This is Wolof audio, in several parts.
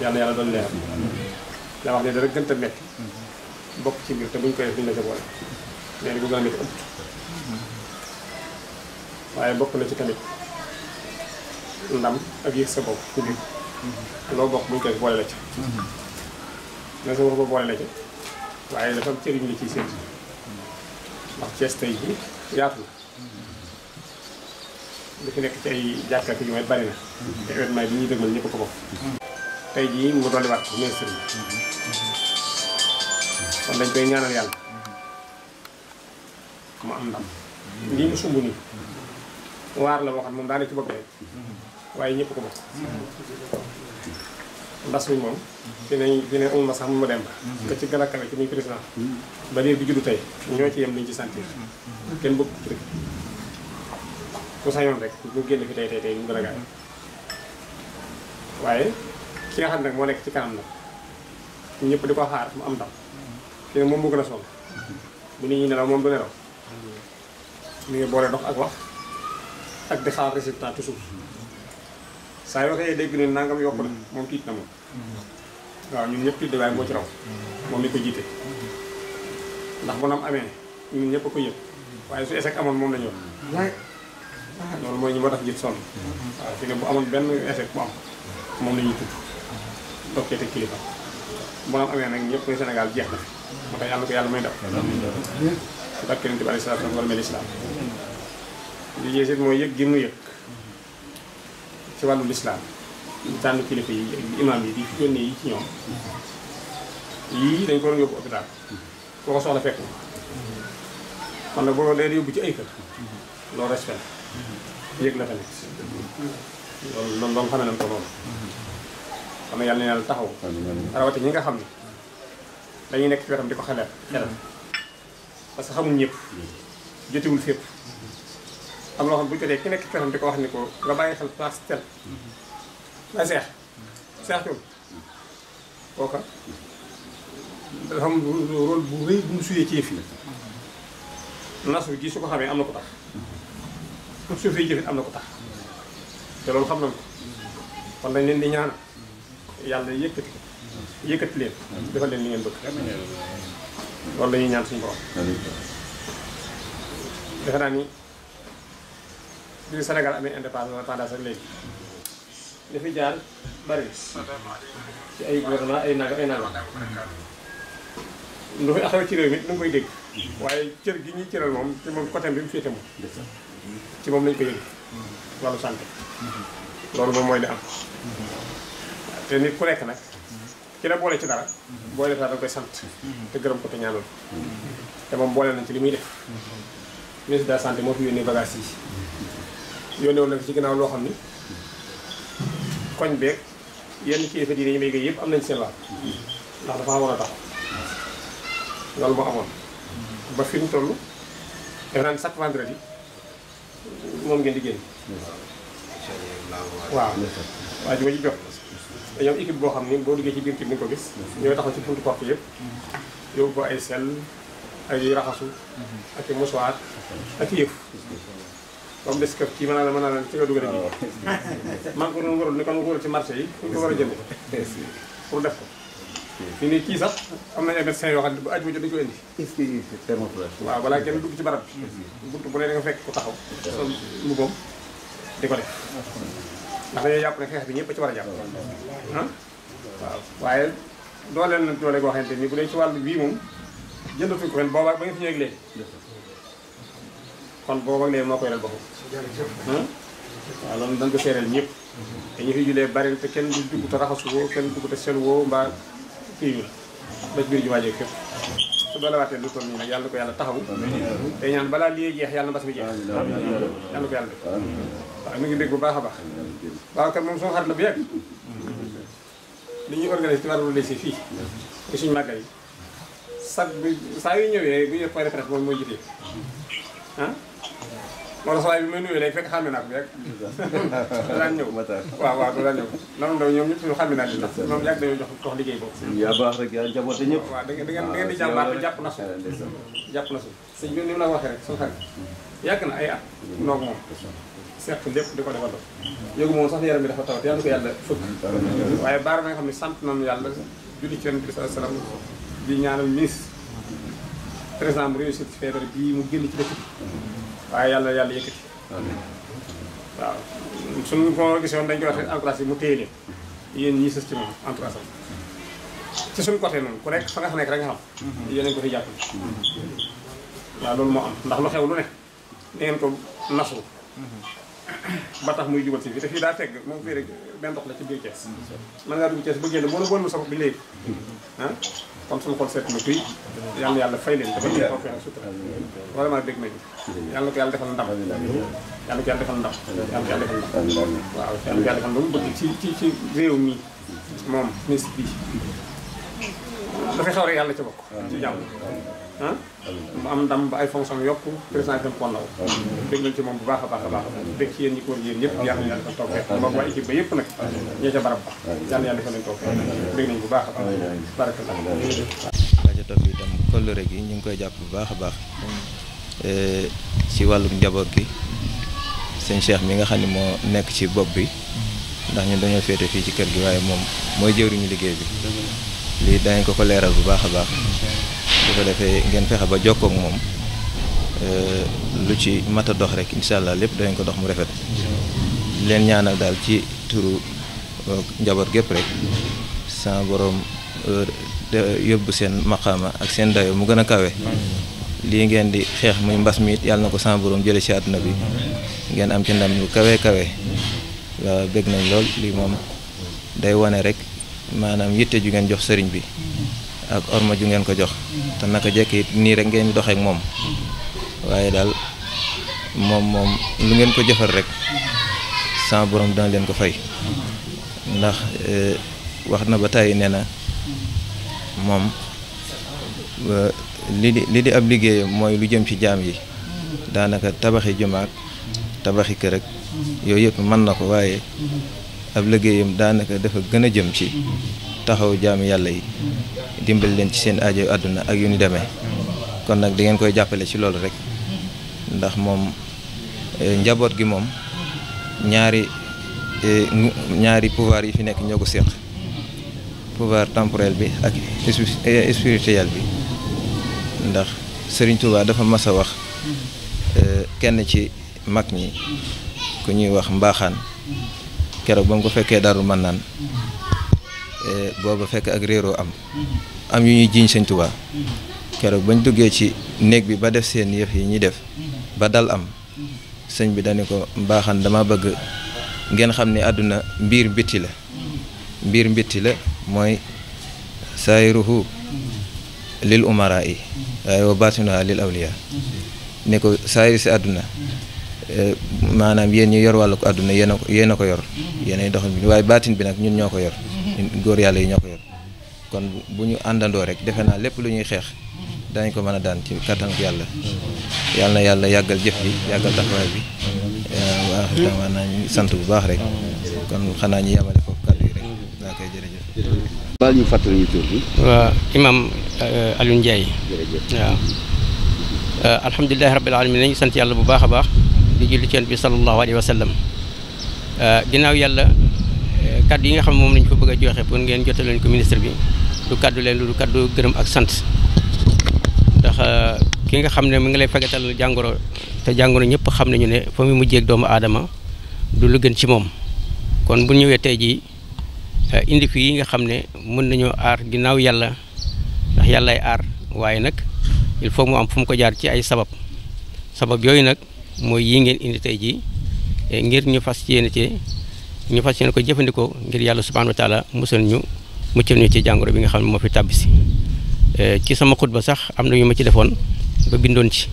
yàlla yàlla doon leer la wax ne dara gën a metti bokk ci biir te buñ koy def ca boole nee na bu gën a metti waaye bokk na ci tamit ndam ak yëg sa bopp ci biir loo bokk buñ koy boole la ca na sa bopp boole la ca waaye dafa am cëriñ la ciy séntu ndax Cees tey ji yaatu na li fi nekk ci ay jàkka ak yu may bari na te événement bi ñuy dëgmal ñëpp ko bokk tey jii mu dolliwaat ko nee sëriñ kon dañ koy ñaanal yàlla mu am ndam lii mu sumb waar la waxat moom daane ci bopp rek waaye ñëpp ko bokk mbas mi moom fi ne fi ne amul ma sax mu ma dem ba ci gën a kawe ci muy président ba léegi juddu tey ñoo ci yem lañ ci sentir kenn bëgg ci rek ku sañoon rek ñu génn fi tey tey tey ñu gën a gaaw waaye ki nga ne nag moo nekk ci kanam nag ñu ñëpp di ko xaar mu am ndam kii moom moo gën a sonn bu nit ñi nelaw moom du nelaw dox ak wax ak di xaar résultat toujours nangam yokk na moom tiit na moom waaw ñun ñëpp tiit de waaye moo ci raw moom mi ko jiite ndax na nam amee ñu ñëpp ko yëg waaye su échec amoon moom la loolu mooy ñu ma tax jiit sonn waaw fi ne bu amoon benn échec bu am moom la ñuy toog cee teg kilifa bu am amee nag ñëpp koy Sénégal jeex na moo tax yàlla ko yàlla may def si barke Yonent bi aleyhi salaatu wa salaam li jeex it mooy yëg gi mu yëg ci wàllu lislaam tànn kilifa yi imaam yi di fi yónnee ci ñoom yii dañ ko doon yóbbu hôpital koo ko soxla fekk kon nag boo leen yóbbu ci ay kër loolu respect yëg la tamit loolu loolu xam ne ko loolu kon yàlla na yàlla taxaw. rawatina ñi nga xam ne dañuy nekk ci wetam di ko xelal xelal parce que xamuñ ñëpp mm-hmm. jotewul fépp. Mm-hmm. am loo xam bu nekk ci di ko wax ni ko nga bàyyi xel place tel la mm-hmm. seex seex tuum kooka dafa am bu rëy bu mu suyee ci fii nasu gi su ko xamee am na ko tax pour suufee jëfit am na ko tax te loolu xam nañ ko kon dañ leen di yàlla yëkkati yëkkati leen defal leen li ngeen bëgg loolu la ñuy ñaan suñu borom defe naa ni bi Sénégal amee indépendance ak léegi jaar bari ci ay gouvernement ay nanga ay lu fi xew ci réew mi nu ngi koy dégg waaye cër gi ñuy cëral moom te moom côté bi mu féete moom ci moom lañ ko yëg wàllu santé loolu moom mooy li am te nit ku nekk nag ki la boole ci dara boole def koy sant te gërëm ko te ñaanal te moom boolee nañ ci li muy def ministre de la moo fi yónnee bagage yi yónnee woon na fi ci ginnaaw loo xam ni koñ beeg yenn kilifa diine yi may gay yëpp am nañ seen laal ndax dafa xamoon a tax loolu moo amoon ba fi mu toll def naan chaque vendredi moom ngeen di waaw waa ji ma ci dañoo am boo xam ni boo duggee ci biir kii bi nga ko gis. ñooy taxaw ci buntu porte yëpp. yóbbu ko ay sel ay raxasu. ak i ak i yëf. des kër kii mën naa la mën naa la ci nga dugal ak kii. man ci marché yi war a jënd pour def ko. fi ni kii sax am na ay médecins yoo xam ne bu aju dañu ko indi. est-ce que waaw balaa kenn dugg ci barab bi. buntu bu ne da fekk ku taxaw. mu mbubbam di ko def. ndax dañoo jàpp ne xeex bi ñëpp ci war a jàpp waaw waaye dooleel na doole goo xamante ni bu dee ci wàllu bii moom jëndatuñ ko ren boobaa ba nga fi ñëw ak kon booba ak moo koy ral boppam waaw loolu da nga ko seereel ñëpp dañu ñu fi julee bari te kenn du dugg raxasu woo kenn dugg te woo mbaa kii bi la ba biir jumaa jeeg fépp su doolewaatee lu toll nii nag yàlla na ko yàlla taxawu tey ñaan balaa lii jeex yàlla na mbas mi jeex yàlla na ko yàlla def waaw mi ngi dégg bu baax a baax waaw kat moom suma xarit la bu yàgg li ñuy organisé ci wàllu si fii ci suñu màggal yi sag bi saa yi ñëwee bu ñu def point de presse moom mooy jiite moo tax saa bi ma nuyoo léegi fekk xàmme naa ko rek. daan ñëw waaw waaw daan ñëw. nanu ndaw ñoom ñëpp xàmme naa leen ndax ñoom yàgg jox liggéey boobu. yaa baax rek yaa jaboote da ngeen da ngeen na su jàpp na su sëñ bi ni mu la waxee rek soo xam yàgg na ay at noog moom seq lépp di ko defal yëgu moom sax yaram bi dafa tawat yàlla ko yàlla fëkk waaye baara na nga xam ne sant nañu yàlla julli ci yonent bi sallallahu alayhi wasallam di ñaanal ministre président mu réussir ci feebar bii mu génn waaye yàlla yàlla yëkkati waaw suñu ko gisoon dañ koy wax encouragé mu téye leen yéen ñi sës ci moom encouragé ci suñu côté noonu ku nekk fa nga xam nekk rek nga xam mm-hmm. yéen ko fi jàppale mm-hmm. waaw loolu moo am ndax lu xew lu ne da ko nasu mm-hmm. ba tax muy jubal si fii te fii daa tegg moom fii benn dox la ci biir Thiès mën ngaa dugg Thiès ba génn boo la bon mu bi léegi ah kon suñu xol seet na kuy yàlla na fay leen dafa ñu toog ak sutura vraiment dégg nañu yàlla ko yàlla defal ndam yàlla ko yàlla defal ndam yàlla ko yàlla defal mu bëgg ci ci ci mi moom ministre bi dafay sore yàlla ci bokk ci jàmm ah? ay fonction yokk président ci moom bu baax a baax baax ci yéen ñi ko yéen ñëpp yàlla yëpp a baax baraka ñu ngi koy jàpp bu baax a baax eh, ci wàllum njaboot gi sëñ Cheikh mi nga xam ne moo nekk ci bopp bi mm-hmm. ndax ñun dañoo féete fii ci kër gi waaye moom mooy jëwriñu liggéey bi lii danañ ko ko leeral bu baax a baax su ko defee ngeen fexe ba jokkook moom euh, lu ci mata dox rek incha allah lépp danañ ko dox mu rafet leen ñaanal daal ci turu euh, njaboot gépp rek sans euh, yóbbu seen maqaama ak seen dayo mu gën a kawe lii ngeen di xeex muy mbas mi it yàlla na ko sans borom jële ci àdduna bi ngeen am ci ndam lu kawe kawe waaw bëgg nañ lool lii moom day wane rek maanaam yitte ju ngeen jox sëriñ bi ak orma ju ngeen ko jox te naka jekk it nii rek ngeen doxee ak moom waaye daal moom moom lu ngeen ko jëfal rek sama borom dana leen ko fay ndax eh, wax na ba tàyyi nee na moom eh, li di li di ab liggéeyam mooy lu jëm ci jaam yi daanaka tabaxi jumaak tabaxi kër ak yooyu yëpp mën na ko waaye ab liggéeyam daanaka dafa gën a jëm ci taxaw jaami yàlla yi dimbali leen ci seen ajo àdduna ak yu ni demee kon nag di ngeen koy jàppale ci loolu rek ndax moom eh, njaboot gi moom ñaari eh, ñaari pouvoir yi fi nekk ñoo ko séq pouvoir temporel bi ak eh, spirituel bi ndax sëriñ Touba dafa mas a wax kenn ci mag ñi ku ñuy wax mbaaxaan keroog ba mu ko fekkee Daaru Manaan eh, booba fekk ak réeroo am am yu ñuy jiiñ Sëñ Tuubaa keroog bañ duggee ci néeg bi ba def seen yëf yi ñuy def ba dal am sëñ bi dañu ko mbaaxan dama bëgg ngeen xam ne àdduna mbiir mbitti la mbiir mbitti la mooy saayiruhu lil umaraa yi waaye wa baatinuha lil awliyaa ne ko saayir si àdduna Eh, maanaam yéen ñu yor wàllu ko àdduna yéen a ko yor yéenay doxal bi waaye baatin bi nag ñun ñoo ko yor góor yàlla yi ñoo ko yor kon bu ñu àndandoo rek defe naa lépp lu ñuy xeex dañ ko mën a daan ci kattan ko yàlla yàlla na yàlla yàggal jëf bi yàggal taxawaay bi eh, waaw tamaa naa ñu sant bu baax rek kon xanaa ñu yemale foofu kàddu daa koy jërëjëf baal ñu fàttali ñu tur bi eh, waaw imam Aliou Ndiaye alamin nañu sant yàlla bu baax a baax di julli ci Yonent bi sallallahu alayhi wa sallam euh, ginnaaw yàlla euh, kaddu yi nga xam ne moom lañ ko bëgg a joxe pour ngeen jotal leen ko ministre bi du kaddu leen lu du kaddu gërëm ak sant ndax euh, ki nga xam ne mu ngi lay fagatal jàngoro te jàngoro ñëpp xam nañu ne fa mu mujjee doomu aadama du lu gën ci moom kon bu ñëwee tey jii indi fii yi nga xam ne mën nañoo aar ginnaaw yàlla ndax ay aar waaye nag il faut mu am fu mu ko jaar ci ay sabab sabab yooyu nag mooy yii ngeen indi tey jii eh, ngir ñu fas ci yéene ci ñu fas yéene ko jëfandikoo ngir yàlla subhanahu wa taala musal ñu muccal ñu ci jàngoro bi nga xam ne moo fi tàbbisi eh, ci sama xutba sax am na ñu ma ci defoon ba bindoon ci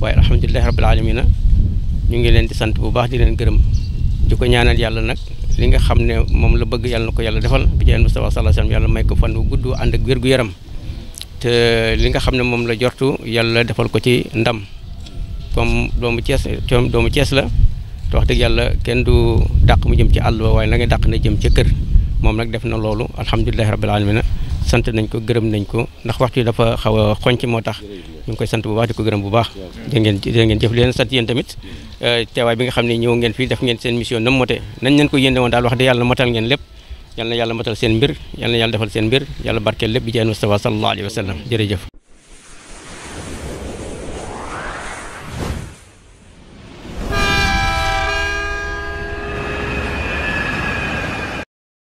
waaye alhamdulilahi rabbil alamina ñu ngi leen di sant bu baax di leen gërëm di ko ñaanal yàlla nag li nga xam ne moom la bëgg yàlla na ko yàlla defal bi jaan Mustafa sallallahu alayhi wasallam yàlla may ko fan wu gudd ànd ak wér gu yaram te li nga xam ne moom la jortu yàlla defal ko ci ndam comme doomu Cees coom doomu Cees la te wax dëgg yàlla kenn du dàq mu jëm ci àll ba waaye na nga dàq na jëm ca kër moom nag def na loolu alhamdulilahi rabbil alamina sant nañ ko gërëm nañ ko ndax waxtu yi dafa xaw a xonc moo tax ñu ngi koy sant bu baax di ko gërëm bu baax da ngeen da ngeen jëf leen sant yéen tamit euh, teewaay bi nga xam ne ñëw ngeen fii def ngeen seen mission nam mote nañ leen ko yéene woon daal wax dëgg yàlla matal ngeen lépp yal na yàlla matal seen mbir yal na yàlla defal seen mbir yàlla barkeel lépp